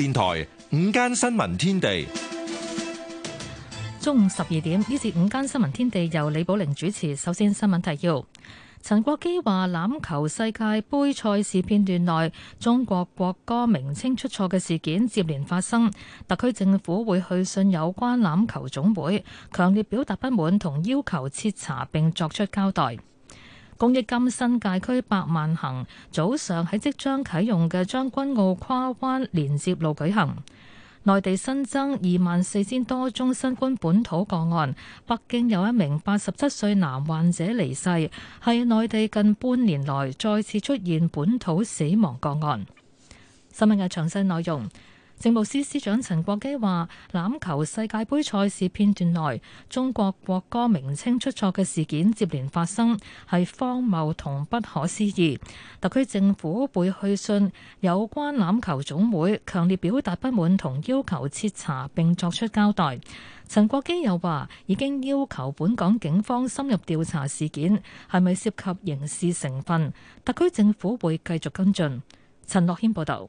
電台午間新聞天地，中午十二點呢？至午間新聞天地由李寶玲主持。首先，新聞提要：陳國基話，欖球世界杯賽事片段內中國國歌名稱出錯嘅事件接連發生，特區政府會去信有關欖球總會，強烈表達不滿同要求徹查，並作出交代。公益金新界區百萬行早上喺即將啟用嘅將軍澳跨灣連接路舉行。內地新增二萬四千多宗新冠本土個案，北京有一名八十七歲男患者離世，係內地近半年來再次出現本土死亡個案。新聞嘅詳細內容。政務司司長陳國基話：籃球世界盃賽事片段內中國國歌名稱出錯嘅事件接連發生，係荒謬同不可思議。特區政府會去信有關籃球總會，強烈表達不滿同要求徹查並作出交代。陳國基又話：已經要求本港警方深入調查事件係咪涉及刑事成分，特區政府會繼續跟進。陳樂謙報導。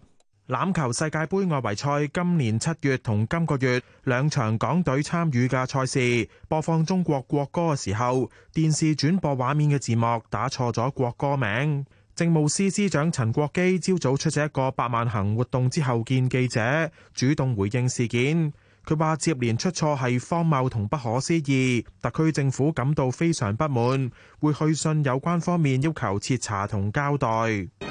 欖球世界盃外圍賽今年七月同今個月兩場港隊參與嘅賽事，播放中國國歌嘅時候，電視轉播畫面嘅字幕打錯咗國歌名。政務司司長陳國基朝早出席一個百萬行活動之後見記者，主動回應事件。佢話接連出錯係荒謬同不可思議，特區政府感到非常不滿，會去信有關方面要求徹查同交代。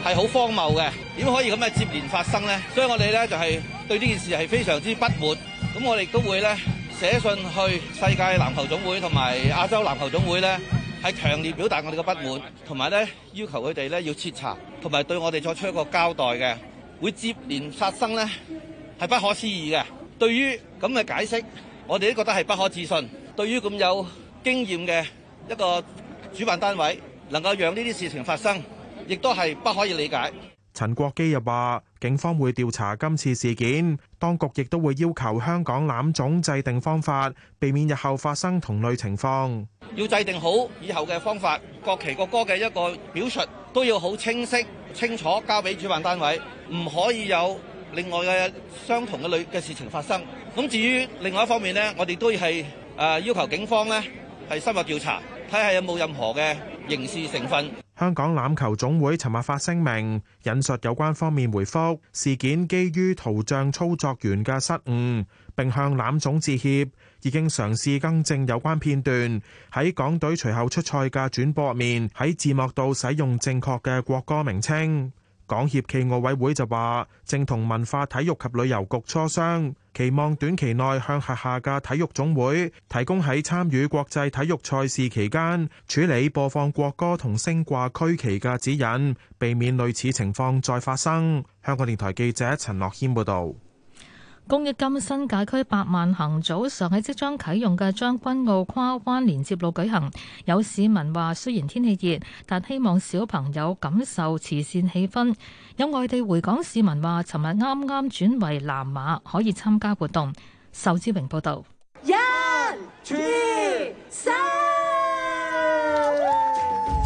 係好荒謬嘅，點可以咁嘅接連發生呢？所以我哋呢就係對呢件事係非常之不滿。咁我哋亦都會呢寫信去世界籃球總會同埋亞洲籃球總會呢，係強烈表達我哋嘅不滿，同埋呢要求佢哋呢要徹查，同埋對我哋作出一個交代嘅。會接連發生呢係不可思議嘅。對於咁嘅解釋，我哋都覺得係不可置信。對於咁有經驗嘅一個主辦單位，能夠讓呢啲事情發生。亦都係不可以理解。陳國基又話，警方會調查今次事件，當局亦都會要求香港欖總制定方法，避免日後發生同類情況。要制定好以後嘅方法，國旗國歌嘅一個表述都要好清晰清楚，交俾主辦單位，唔可以有另外嘅相同嘅類嘅事情發生。咁至於另外一方面呢，我哋都係誒要求警方呢係深入調查，睇下有冇任何嘅刑事成分。香港欖球總會尋日發聲明，引述有關方面回覆事件基於圖像操作員嘅失誤，並向欖總致歉，已經嘗試更正有關片段。喺港隊隨後出賽嘅轉播面，喺字幕度使用正確嘅國歌名稱。港協暨奧委會就話，正同文化體育及旅遊局磋商，期望短期內向轄下嘅體育總會提供喺參與國際體育賽事期間處理播放國歌同升掛區旗嘅指引，避免類似情況再發生。香港電台記者陳樂軒報導。公益金新界區百萬行早上喺即將啟用嘅將軍澳跨灣連接路舉行，有市民話雖然天氣熱，但希望小朋友感受慈善氣氛。有外地回港市民話，尋日啱啱轉為藍碼，可以參加活動。仇志榮報導。Yeah, yeah.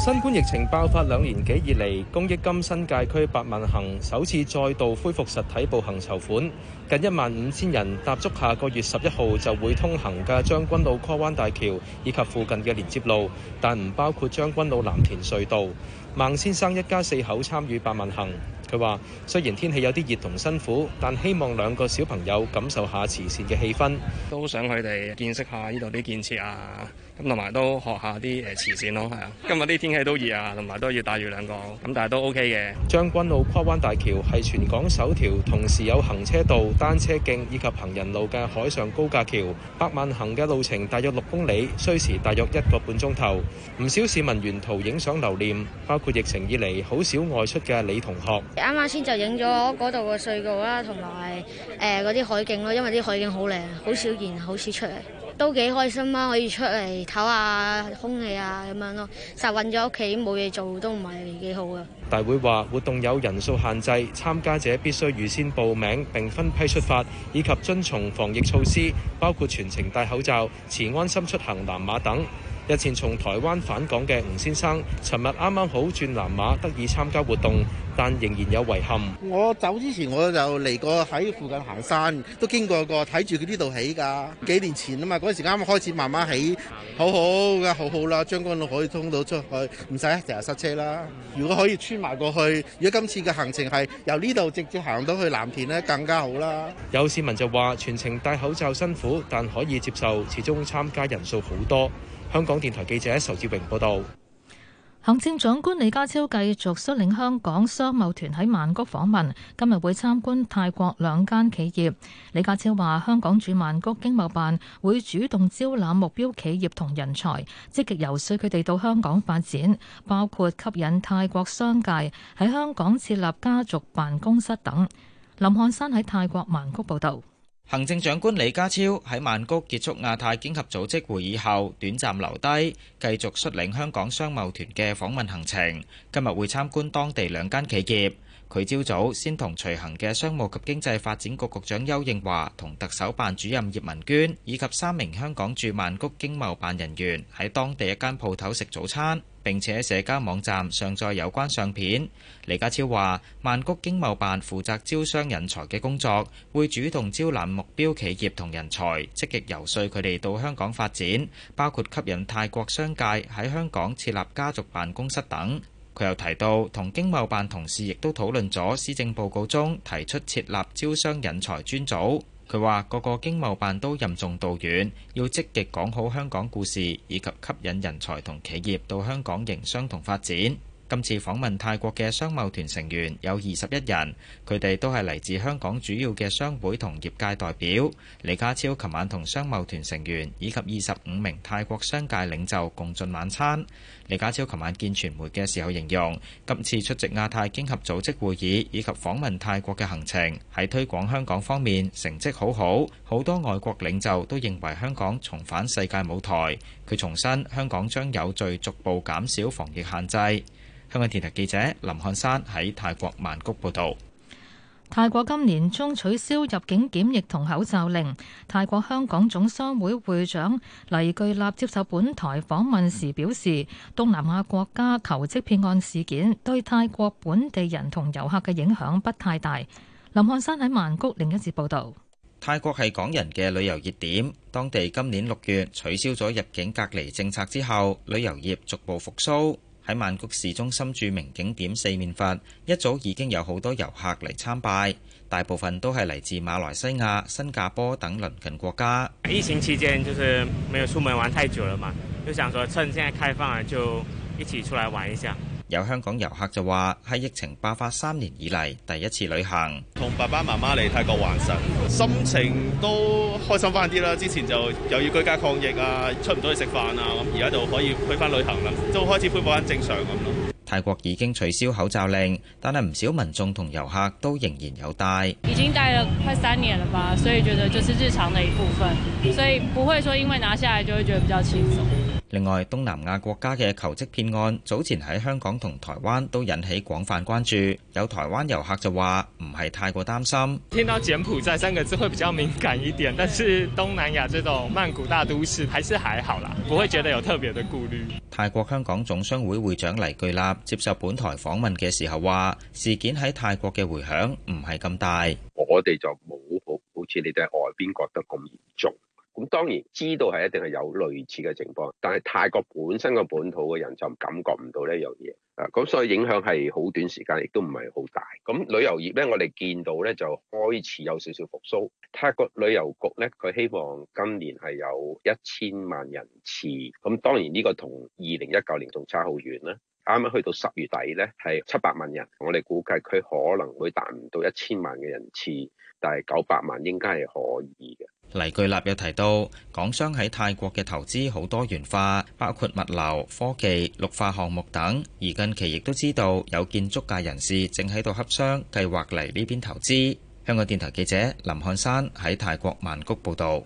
新冠疫情爆發兩年幾以嚟，公益金新界區百萬行首次再度恢復實體步行籌款，近一萬五千人踏足下個月十一號就會通行嘅將軍澳跨灣大橋以及附近嘅連接路，但唔包括將軍澳藍田隧道。孟先生一家四口參與百萬行，佢話雖然天氣有啲熱同辛苦，但希望兩個小朋友感受下慈善嘅氣氛，都想佢哋見識下呢度啲建設啊！咁同埋都學下啲誒慈善咯，係啊！今日啲天氣都熱啊，同埋都要帶住兩個，咁但係都 OK 嘅。將軍澳跨灣大橋係全港首條同時有行車道、單車徑以及行人路嘅海上高架橋，百萬行嘅路程大約六公里，需時大約一個半鐘頭。唔少市民沿途影相留念，包括疫情以嚟好少外出嘅李同學。啱啱先就影咗嗰度嘅隧道啦，同埋誒嗰啲海景咯，因為啲海景好靚，好少見，好少出嚟。都幾開心啦，可以出嚟唞下空氣啊咁樣咯，實韞咗屋企冇嘢做都唔係幾好啊！大會話活動有人數限制，參加者必須預先報名並分批出發，以及遵從防疫措施，包括全程戴口罩、持安心出行藍碼等。日前從台灣返港嘅吳先生，尋日啱啱好轉南馬，得以參加活動，但仍然有遺憾。我走之前我就嚟過喺附近行山，都經過過睇住佢呢度起㗎。幾年前啊嘛，嗰陣時啱啱開始慢慢起，好好嘅，好好啦，將軍路可以通到出去，唔使成日塞車啦。如果可以穿埋過去，如果今次嘅行程係由呢度直接行到去藍田呢，更加好啦。有市民就話：全程戴口罩辛苦，但可以接受。始終參加人數好多。香港電台記者仇志榮報道，行政長官李家超繼續率領香港商貿團喺曼谷訪問，今日會參觀泰國兩間企業。李家超話，香港駐曼谷經貿辦會主動招攬目標企業同人才，積極遊說佢哋到香港發展，包括吸引泰國商界喺香港設立家族辦公室等。林漢山喺泰國曼谷報道。行政長官李家超喺曼谷結束亞太經合組織會議後短暫，短暫留低，繼續率領香港商貿團嘅訪問行程。今日會參觀當地兩間企業。佢朝早先同隨行嘅商務及經濟發展局局長邱應華、同特首辦主任葉文娟以及三名香港駐曼谷經貿辦人員喺當地一間鋪頭食早餐，並且喺社交網站上載有關相片。李家超話：曼谷經貿辦負責招商引才嘅工作，會主動招攬目標企業同人才，積極游說佢哋到香港發展，包括吸引泰國商界喺香港設立家族辦公室等。佢又提到，同經貿辦同事亦都討論咗施政報告中提出設立招商引才專組。佢話，各個經貿辦都任重道遠，要積極講好香港故事，以及吸引人才同企業到香港營商同發展。今次訪問泰國嘅商貿團成員有二十一人，佢哋都係嚟自香港主要嘅商會同業界代表。李家超琴晚同商貿團成員以及二十五名泰國商界領袖共進晚餐。李家超琴晚見傳媒嘅時候形容，今次出席亞太經合組織會議以及訪問泰國嘅行程喺推廣香港方面成績好好，好多外國領袖都認為香港重返世界舞台。佢重申，香港將有序逐步減少防疫限制。香港電台記者林漢山喺泰國曼谷報道：泰國今年中取消入境檢疫同口罩令。泰國香港總商會會長黎巨立接受本台訪問時表示，東南亞國家求職騙案事件對泰國本地人同遊客嘅影響不太大。林漢山喺曼谷另一節報道：泰國係港人嘅旅遊熱點，當地今年六月取消咗入境隔離政策之後，旅遊業逐步復甦。喺曼谷市中心著名景點四面佛，一早已經有好多遊客嚟參拜，大部分都係嚟自馬來西亞、新加坡等鄰近國家。疫情期間，就是沒有出門玩太久了嘛，就想說趁現在開放啦，就一起出來玩一下。有香港遊客就話，喺疫情爆發三年以嚟，第一次旅行，同爸爸媽媽嚟泰國玩神，心情都開心翻啲啦。之前就又要居家抗疫啊，出唔到去食飯啊，咁而家就可以去翻旅行啦，都開始恢復翻正常咁咯。泰國已經取消口罩令，但係唔少民眾同遊客都仍然有戴。已經戴了快三年了吧，所以覺得就是日常的一部分，所以不會說因為拿下來就會覺得比較輕鬆。另外，東南亞國家嘅求職騙案早前喺香港同台灣都引起廣泛關注，有台灣遊客就話唔係太過擔心。聽到柬埔寨三個字會比較敏感一點，但是東南亞這種曼谷大都市，還是還好啦，不會覺得有特別的顧慮。泰國香港總商會會長黎巨立接受本台訪問嘅時候話，事件喺泰國嘅回響唔係咁大，我哋就冇好，好似你哋外邊覺得咁嚴咁當然知道係一定係有類似嘅情況，但係泰國本身個本土嘅人就感覺唔到呢樣嘢啊，咁所以影響係好短時間，亦都唔係好大。咁旅遊業咧，我哋見到咧就開始有少少復甦。泰國旅遊局咧，佢希望今年係有一千萬人次。咁當然呢個同二零一九年仲差好遠啦。啱啱去到十月底咧係七百萬人，我哋估計佢可能會達唔到一千萬嘅人次，但係九百萬應該係可以嘅。黎巨立又提到，港商喺泰國嘅投資好多元化，包括物流、科技、綠化項目等。而近期亦都知道有建築界人士正喺度洽商，計劃嚟呢邊投資，香港電台記者林漢山喺泰國曼谷報道。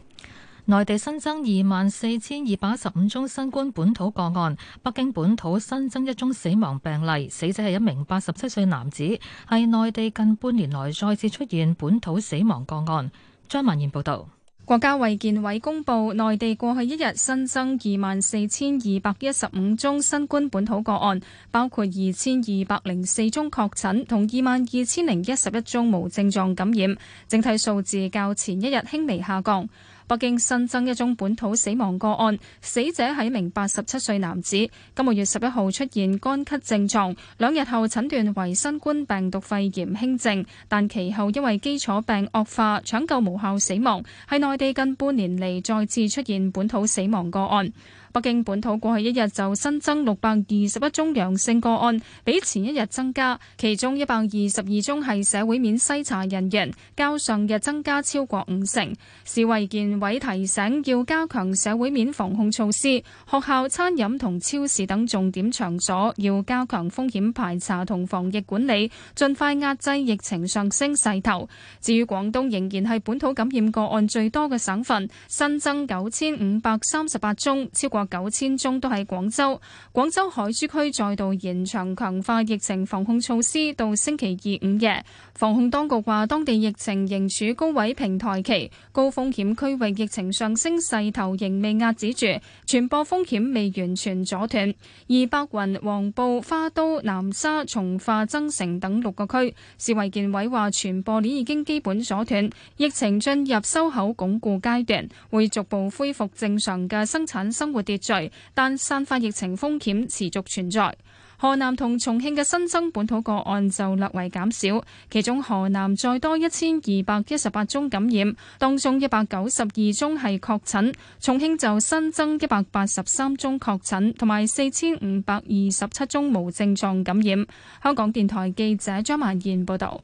內地新增二萬四千二百一十五宗新冠本土個案，北京本土新增一宗死亡病例，死者係一名八十七歲男子，係內地近半年來再次出現本土死亡個案。張曼燕報道。國家衛健委公布，內地過去一日新增二萬四千二百一十五宗新冠本土個案，包括二千二百零四宗確診，同二萬二千零一十一宗無症狀感染，整體數字較前一日輕微下降。北京新增一宗本土死亡個案，死者係一名八十七歲男子，今個月十一號出現乾咳症狀，兩日後診斷為新冠病毒肺炎輕症，但其後因為基礎病惡化，搶救無效死亡，喺內地近半年嚟，再次出現本土死亡個案。北京本土過去一日就新增六百二十一宗陽性個案，比前一日增加，其中一百二十二宗係社會面篩查人員，較上日增加超過五成。市衛健委提醒要加強社會面防控措施，學校、餐飲同超市等重點場所要加強風險排查同防疫管理，盡快壓制疫情上升勢頭。至於廣東仍然係本土感染個案最多嘅省份，新增九千五百三十八宗，超過九千宗都喺廣州，廣州海珠區再度延長強化疫情防控措施到星期二午夜。防控當局話，當地疫情仍處高位平台期，高風險區域疫情上升勢頭仍未壓止住，傳播風險未完全阻斷。而白雲、黃埔、花都、南沙、從化、增城等六個區，市衛健委話傳播鏈已經基本阻斷，疫情進入收口鞏固階段，會逐步恢復正常嘅生產生活秩序，但散發疫情風險持續存在。河南同重慶嘅新增本土個案就略為減少，其中河南再多一千二百一十八宗感染，當中一百九十二宗係確診；重慶就新增一百八十三宗確診，同埋四千五百二十七宗無症狀感染。香港電台記者張萬燕報道。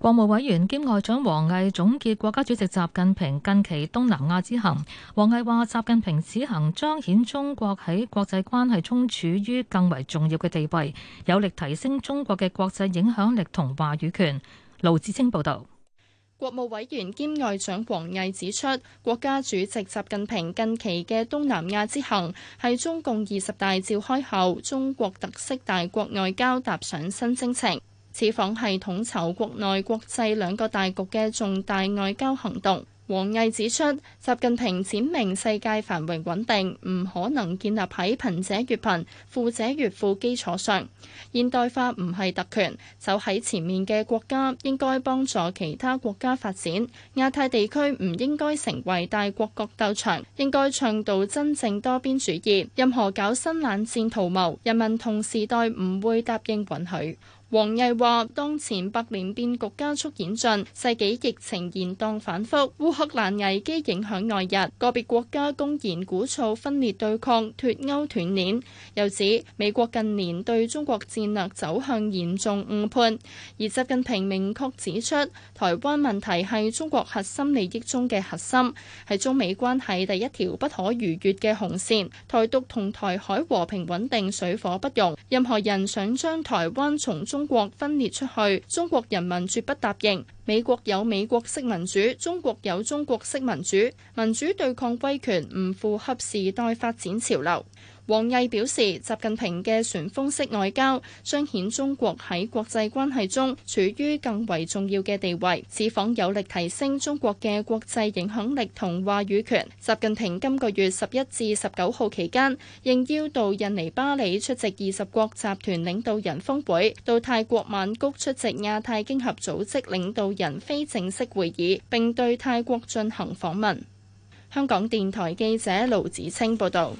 國務委員兼外長王毅總結國家主席習近平近期東南亞之行。王毅話，習近平此行彰顯中國喺國際關係中處於更為重要嘅地位，有力提升中國嘅國際影響力同話語權。盧志清報道。國務委員兼外長王毅指出，國家主席習近平近期嘅東南亞之行係中共二十大召開後中國特色大國外交踏上新征程。此訪係統籌國內國際兩個大局嘅重大外交行動。王毅指出，習近平闡明世界繁榮穩定唔可能建立喺貧者越貧、富者越富基礎上。現代化唔係特權，走喺前面嘅國家應該幫助其他國家發展。亞太地區唔應該成為大國角鬥場，應該倡導真正多邊主義。任何搞新冷戰圖謀，人民同時代唔會答應允許。王毅話：當前百年變局加速演進，世紀疫情延宕反覆，烏克蘭危機影響外日，個別國家公然鼓噪分裂對抗、脱歐斷鏈。又指美國近年對中國戰略走向嚴重誤判。而習近平明確指出，台灣問題係中國核心利益中嘅核心，係中美關係第一條不可逾越嘅紅線。台獨同台海和平穩定水火不容，任何人想將台灣從中，中國分裂出去，中國人民絕不答應。美國有美國式民主，中國有中國式民主。民主對抗威權，唔符合時代發展潮流。王毅表示，習近平嘅旋風式外交，彰顯中國喺國際關係中處於更為重要嘅地位，此訪有力提升中國嘅國際影響力同話語權。習近平今個月十一至十九號期間應邀到印尼巴里出席二十國集團領導人峰會，到泰國曼谷出席亞太經合組織領導人非正式會議，並對泰國進行訪問，香港電台記者盧子清報道。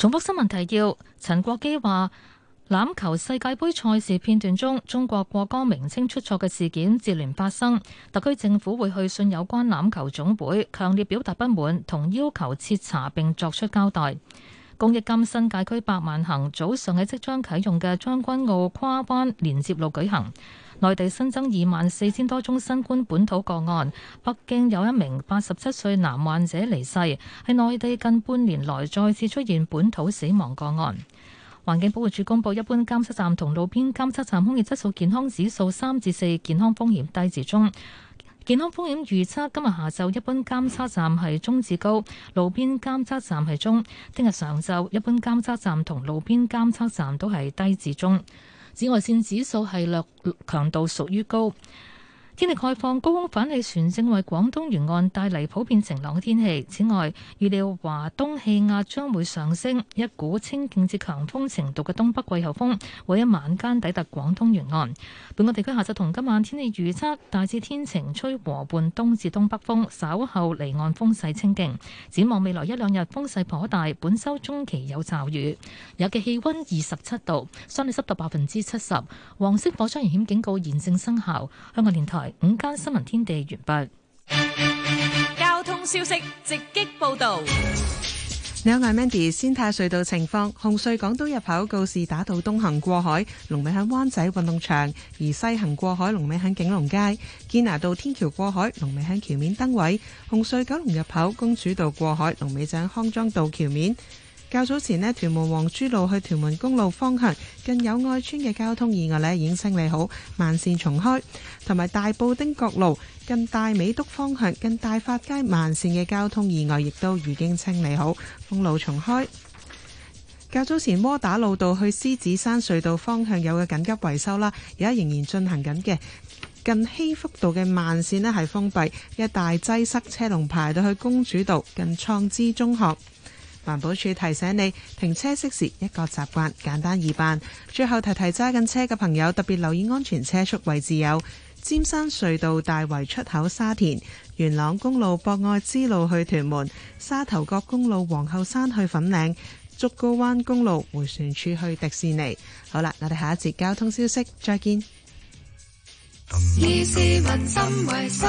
重複新聞提要：陳國基話，欖球世界杯賽事片段中，中國國歌名稱出錯嘅事件接連發生，特區政府會去信有關欖球總會，強烈表達不滿同要求徹查並作出交代。公益金新界區百萬行早上喺即將啟用嘅將軍澳跨灣連接路舉行。內地新增二萬四千多宗新冠本土個案，北京有一名八十七歲男患者離世，喺內地近半年來再次出現本土死亡個案。環境保護署公佈，一般監測站同路邊監測站空氣質素健康指數三至四，健康風險低至中。健康風險預測今日下晝一般監測站係中至高，路邊監測站係中。聽日上晝一般監測站同路邊監測站都係低至中。紫外線指數係略強度，屬於高。天氣開放，高空反氣旋正為廣東沿岸帶嚟普遍晴朗嘅天氣。此外，預料華東氣壓將會上升，一股清勁至強風程度嘅東北季候風會喺晚間抵達廣東沿岸。本港地區下晝同今晚天氣預測大致天晴，吹和半東至東北風，稍後離岸風勢清勁。展望未來一兩日風勢頗大，本週中期有驟雨。有嘅氣温二十七度，相對濕度百分之七十，黃色火災危險警告現正生效。香港電台。午間新聞天地完畢。交通消息直擊報道。你好，我係 Mandy。先睇隧道情況。紅隧港島入口告士打道東行過海，龍尾喺灣仔運動場；而西行過海，龍尾喺景隆街。堅拿道天橋過海，龍尾喺橋面燈位。紅隧九龍入口公主道過海，龍尾喺康莊道橋面。較早前呢屯門皇珠路去屯門公路方向近友愛村嘅交通意外呢已經清理好，慢線重開；同埋大布丁角路近大美督方向近大發街慢線嘅交通意外亦都已經清理好，封路重開。較早前窩打老道去獅子山隧道方向有嘅緊急維修啦，而家仍然進行緊嘅。近希福道嘅慢線呢係封閉，一大擠塞車龍排到去公主道近創知中學。環保署提醒你，停車熄匙一個習慣，簡單易辦。最後提提揸緊車嘅朋友，特別留意安全車速位置有：尖山隧道大圍出口、沙田元朗公路博愛之路去屯門、沙頭角公路皇后山去粉嶺、竹篙灣公路回旋處去迪士尼。好啦，我哋下一節交通消息再見。以市民心為心，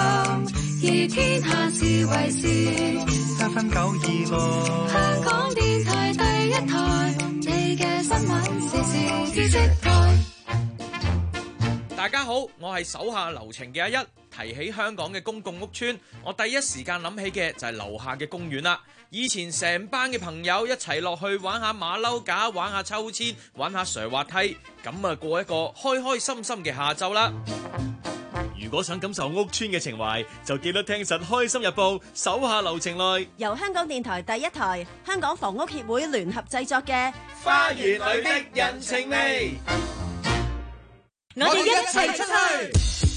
以天下事為事。三分九二香港電台第一台，你嘅新聞時事知識台。大家好，我係手下留情嘅阿一。提起香港嘅公共屋邨，我第一時間諗起嘅就係樓下嘅公園啦。以前成班嘅朋友一齊落去玩下馬騮架，玩下秋千，玩下瀡滑梯，咁啊過一個開開心心嘅下晝啦。如果想感受屋邨嘅情懷，就記得聽實《開心日報》，手下留情內。由香港電台第一台、香港房屋協會聯合製作嘅《花園裏的人情味》，我哋一齊出去。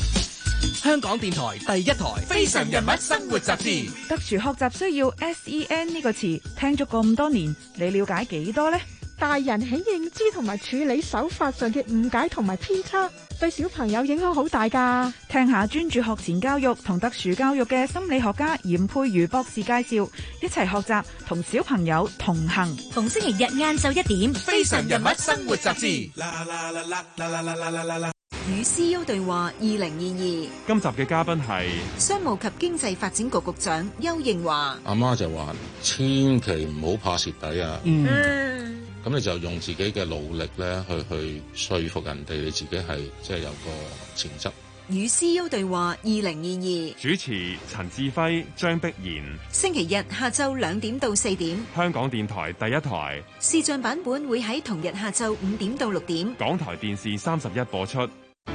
香港電台第一台《非常人物生活雜誌》，特殊學習需要 SEN 呢個詞，聽咗咁多年，你了解幾多呢？大人喺認知同埋處理手法上嘅誤解同埋偏差，對小朋友影響好大噶。聽下專注學前教育同特殊教育嘅心理學家嚴佩如博士介紹，一齊學習同小朋友同行。逢星期日晏晝一點，《非常人物生活雜誌》啦。啦啦啦啦啦啦與 C U 對話二零二二，今集嘅嘉賓係商務及經濟發展局局長邱應華。阿媽，媽就話，千祈唔好怕蝕底啊！咁、嗯嗯、你就用自己嘅努力咧，去去說服人哋，你自己係即係有個潛質。與 C U 對話二零二二，主持陳志輝、張碧然。星期日下晝兩點到四點，香港電台第一台視像版本會喺同日下晝五點到六點，港台電視三十一播出。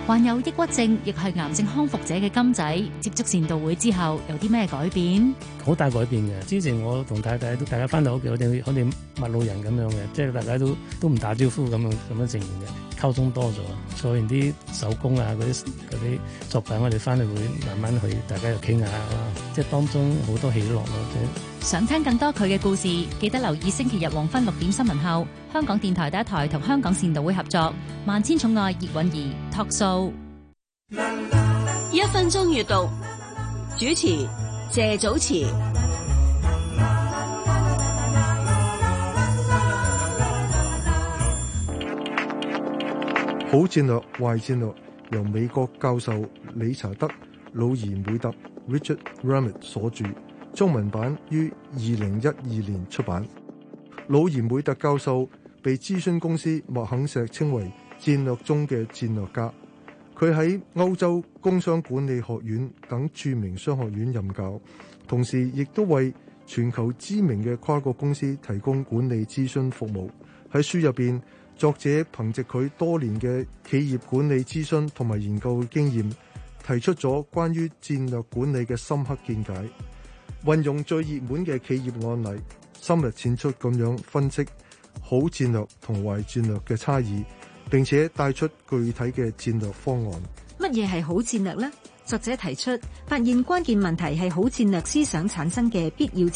患有抑鬱症，亦係癌症康復者嘅金仔，接觸善導會之後有啲咩改變？好大改變嘅。之前我同太太都大家翻到屋企，好似好似陌路人咁樣嘅，即係大家都都唔打招呼咁樣咁樣情形嘅溝通多咗。做完啲手工啊，嗰啲啲作品，我哋翻嚟會慢慢去，大家又傾下啦。即係當中好多喜樂咯。即想聽更多佢嘅故事，記得留意星期日黃昏六點新聞後，香港電台第一台同香港善導會合作《萬千寵愛葉韻儀》韻儀。數一分鐘閱讀，主持謝祖慈。好戰略，壞戰略，由美國教授理查德·魯爾梅特 （Richard Rumelt） 所著，中文版於二零一二年出版。魯爾梅特教授被諮詢公司麥肯錫稱為，戰略中嘅戰略家，佢喺歐洲工商管理學院等著名商學院任教，同時亦都為全球知名嘅跨國公司提供管理諮詢服務。喺書入邊，作者憑藉佢多年嘅企業管理諮詢同埋研究嘅經驗，提出咗關於戰略管理嘅深刻見解，運用最熱門嘅企業案例，深入淺出咁樣分析好戰略同壞戰略嘅差異。並且帶出具體嘅戰略方案。乜嘢係好戰略咧？作者提出發現關鍵問題係好戰略思想產生嘅必要性。